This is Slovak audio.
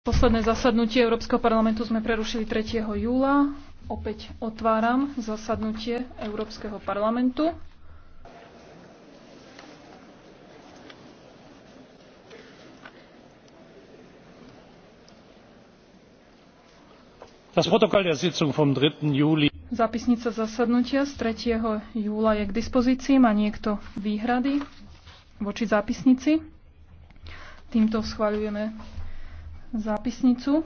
Posledné zasadnutie Európskeho parlamentu sme prerušili 3. júla. Opäť otváram zasadnutie Európskeho parlamentu. Das Protokoll der Sitzung vom 3. Juli. Zápisnica zasadnutia z 3. júla je k dispozícii. Má niekto výhrady voči zápisnici? Týmto schváľujeme zápisnicu.